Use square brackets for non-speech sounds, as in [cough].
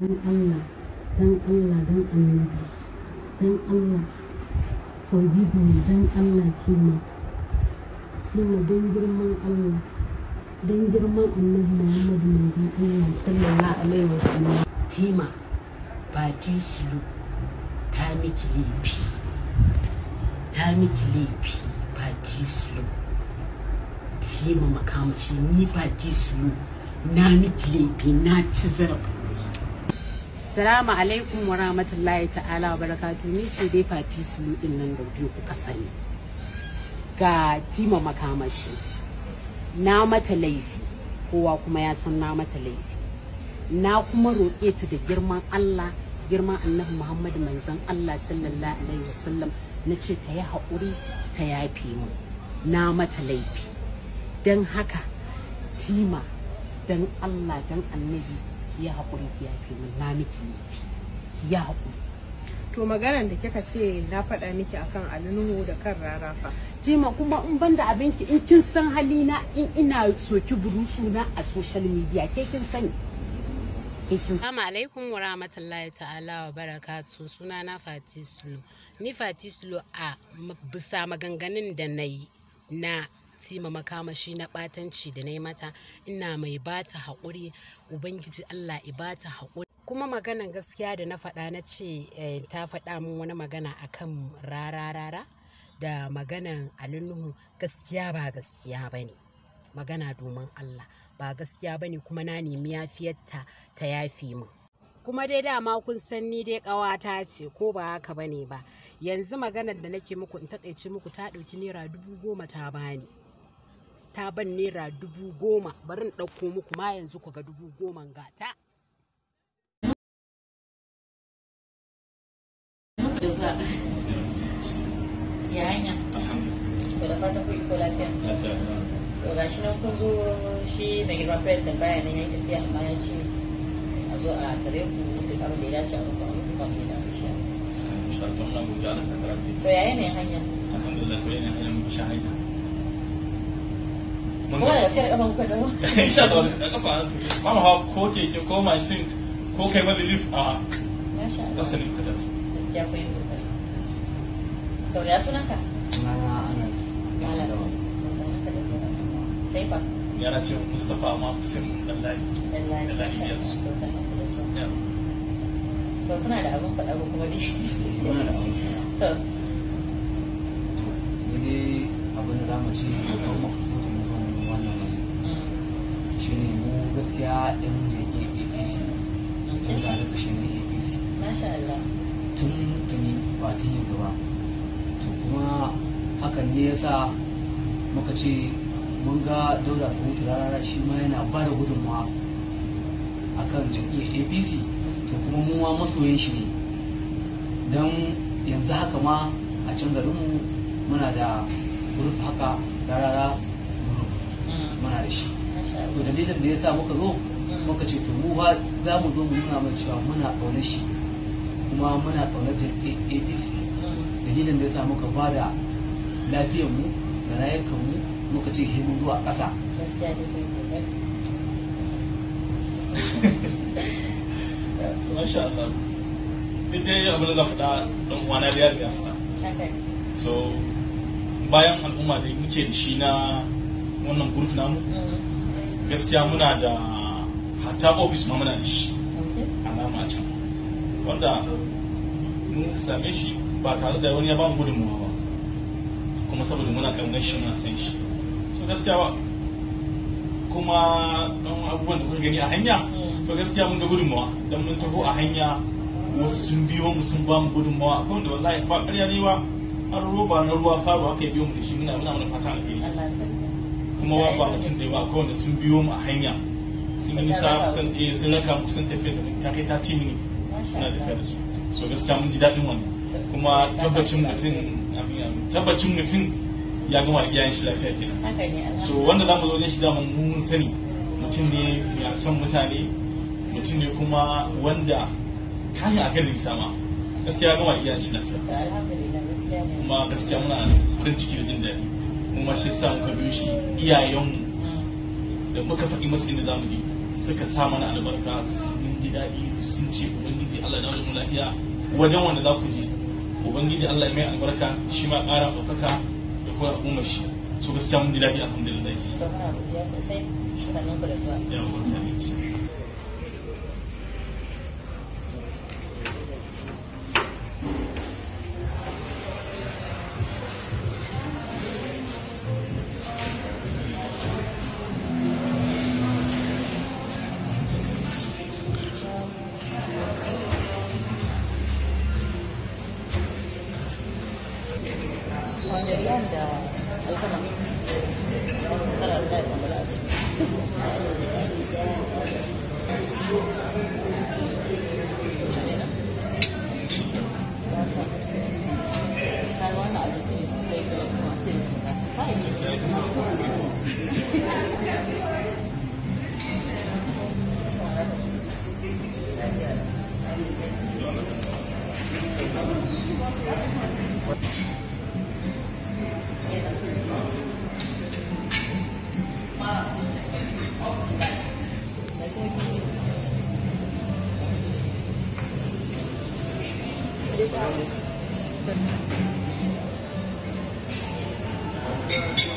Dan Allah Dan Allah Dan annabi Dan Allah forgive me dan Allah cima cima Dan girman Allah Dan girman annabi Muhammadu manzon Allah sallallahu alaihi wasallam cima ba sulu ta miki laifi ta miki laifi ba sulu cima makamci ni ba sulu na miki laifi na ci zarafi Salamu alaikum wa rahmatullahi ta'ala wa barakatu ni ce dai fati sulu din nan da biyu kuka sani. Ga tima makamashi. Na mata laifi kowa kuma ya san na mata laifi. Na kuma roƙe ta da girman Allah girman annabi Muhammad manzon Allah sallallahu alaihi wasallam na ce ta yi haƙuri ta yafe mu. Na mata laifi. Don haka tima don Allah don annabi ya haƙuri ya fi min na miki ki ya haƙuri to maganar da kika ce na faɗa miki akan alnuhu da kan rarafa jima kuma in banda abinki in kin san hali na in ina soki burusu na a social media ke kin sani Assalamu alaikum wa rahmatullahi ta'ala wa barakatu suna na Fatislu. Ni Fatislu a bisa maganganun da na na tima makamashi na batanci da na yi mata ina mai bata haƙuri ubangiji allah ibata haƙuri kuma maganan gaskiya da na faɗa na ce eh, ta faɗa min wani magana akan rara da maganan alunuhu gaskiya ba gaskiya ba ne magana domin allah ba gaskiya ba ne kuma na nemi yafiyarta ta yafi mu kuma dai dama kun san ni dai ƙawata ce ko ba haka bane ba yanzu maganar da nake muku in takaice muku ta ɗauki naira dubu goma ta bani ta ban naira dubu goma bari in ɗauko muku ma yanzu ku ga dubu goma gata. Ya hanya? Da fatan kun iso lafiya? To ga shi nan kun zo shi mai girma president baya nan ya yi tafiya amma ya ce a zo a tare ku duk abin da ya dace a muku a muku kamar yadda aka sha. To ya yanayin hanya? Alhamdulillah to yanayin hanya muku sha hanya. kuma da gaske da kafa d'a dawo insha Allah da kafa ba mu hawa ko keke ko mashin ko kai mana lift a asali kuka taso gaskiya ko yi kokari daura sunan ka sunana Anas malam sanan ka da zuwa kai fa yana ce Mustafa amma sai mun dallahi dallahi ya su to kuna da abin faɗa ko kuma dai kuna da abin faɗa to ni dai abin da zamu ce ko kuma a ɗin da na apc tun tuni ba tun ba to kuma hakan ne ya sa muka ce mun ga daura da rana shi ma yana ba da gudunmawa a kan jirgin apc to kuma mun ma masoyin shi ne don yanzu haka ma a can garinmu muna da grup haka rarara mm. muna da shi to dalilin da ya sa muka zo muka ce to mu ba za mu zo mu nuna mai cewa muna ƙaunar shi kuma muna ƙaunar APC dalilin da ya sa muka ba da lafiyarmu da rayukanmu muka ce himu zuwa ƙasa [laughs] Allah, duk dai abin da za faɗa ɗan biyar da ya faɗa. So, bayan al'umma da muke da shi na wannan gurf namu, mm-hmm. gaskiya muna da hatta ofis ma muna da shi alama can wanda mun same shi ba tare da wani ya ba mu gudunmuwa ba kuma saboda muna ƙaunar shi muna san shi so gaskiya ba kuma don abubuwan da kuka gani a hanya to gaskiya mun ga gudunmuwa don mun taho a hanya wasu sun biyo mu sun ba mu gudunmuwa akwai wanda wallahi ba ƙarya ne ba har roba na ruwa faru aka biyo mu da shi muna muna fata alheri kuma ba mutum da ba akwai wanda sun biyo mu a hanya sun yi sun eh sun raka sun tafi da kai ta ci ne suna tafiya da su so gaskiya mun ji daɗin wannan kuma tabbacin mutum tabbacin mutum ya gama da iyayen shi lafiya kenan so wanda za mu zo ne shi da mun sani mutum ne mai son mutane mutum ne kuma wanda kayan akan nisa sama gaskiya gama da iyayen shi lafiya kuma gaskiya muna farin ciki da jin daɗi kuma shi sa muka biyo shi iyayenmu mm. da muka faɗi masu inda zamu je suka sa mana albarka sun ji daɗi sun ce ubangiji Allah ya mu lafiya wajen wanda za ku je ubangiji Allah ya mai albarka shi ma ƙara ɗaukaka da kuma al'ummar shi so gaskiya mun ji daɗi alhamdulillah. Sauran abu ya sosai shugaban ku da zuwa. 后面那个，还有什么？再来一次，再来一次。前面的。台湾岛是属于中国的。Thank you.